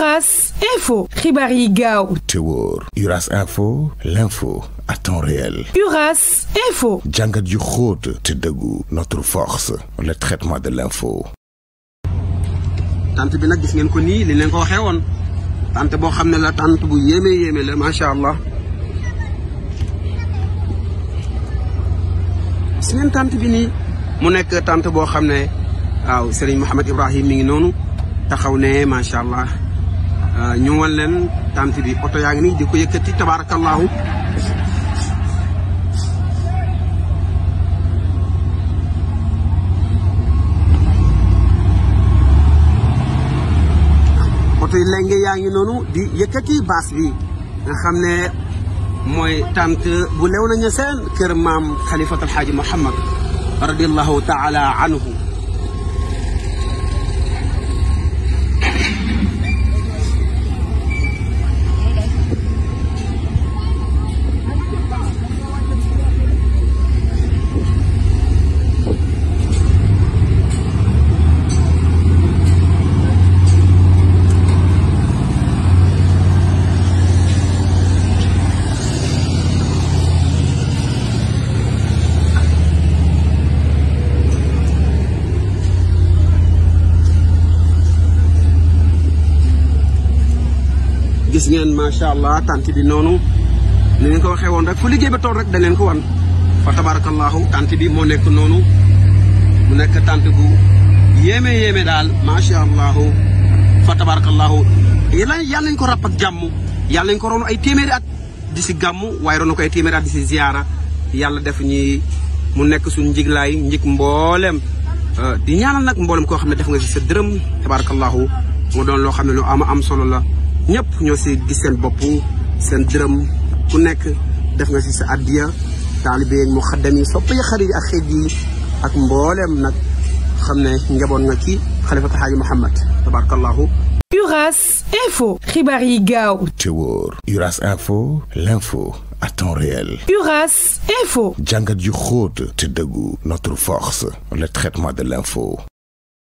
Uras Info. Ribari Gao. Tewor. Uras Info. L'info à temps réel. Uras Info. Djanga du Tedegu. Notre force. Le traitement de l'info. Tante bi nag gis ngeen ko nii li leen ko waxee woon tant boo xam ne la tante bu yéme, yéme, le, macha allah gis ngeen tant bi nii mu nekk tant boo xam Serigne Mouhamed Ibrahim mi ngi noonu taxaw ne macha allah Euh, ñu wan leen bi oto yaa ngi nii di ko yëkkati oto yi lenge yaa ngi noonu di yëkkati baas bi nga xam ne mooy tànt bu lew nañu seen kër maam xalifatul xaaji Muhammad radiallahu taala anhu gis ngeen macha allah tant bi noonu ni ngeen ko waxee woon rek fu liggéey ba tool rek dañ leen ko wan fa tabarakallahu tànt bi moo nekk noonu mu nekk tànt bu yéeme yéeme daal macha allah fa tabarakallahu yàlla yàlla nañ ko ràpp ak jàmm yàlla nañ ko roon ay téeméeri at di si gàmm waaye ronu ko ay téeméeri at di si ziyaara yàlla def ñi mu nekk suñ njiglaay njig mboolem euh, di ñaanal nag mboolem koo xam ne def nga si sa dërëm tabarakallahu mu doon loo xam ne lu ama am solo la ñëpp ñoo si gis seen bopp seen dërëm ku nekk def nga si sa addiya taalibe yi mu xaddam yi ak xeet yi ak mbooleem nag xam ne njaboon nga ci xalifatu xaaji Muhammad tabarakallahu Uras Info xibaar yi gaaw te wóor Uras Info l'info à réel Uras Info jàngat yu xóot te dëggu notre force le traitement de l'info